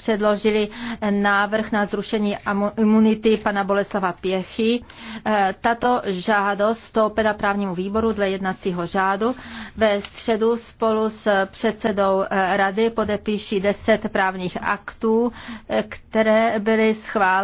předložili návrh na zrušení imunity pana Boleslava Pěchy. E, tato žádost stoupila právnímu výboru dle jednacího řádu. Ve středu spolu s předsedou e, rady podepíší deset právních aktů, e, které byly schváleny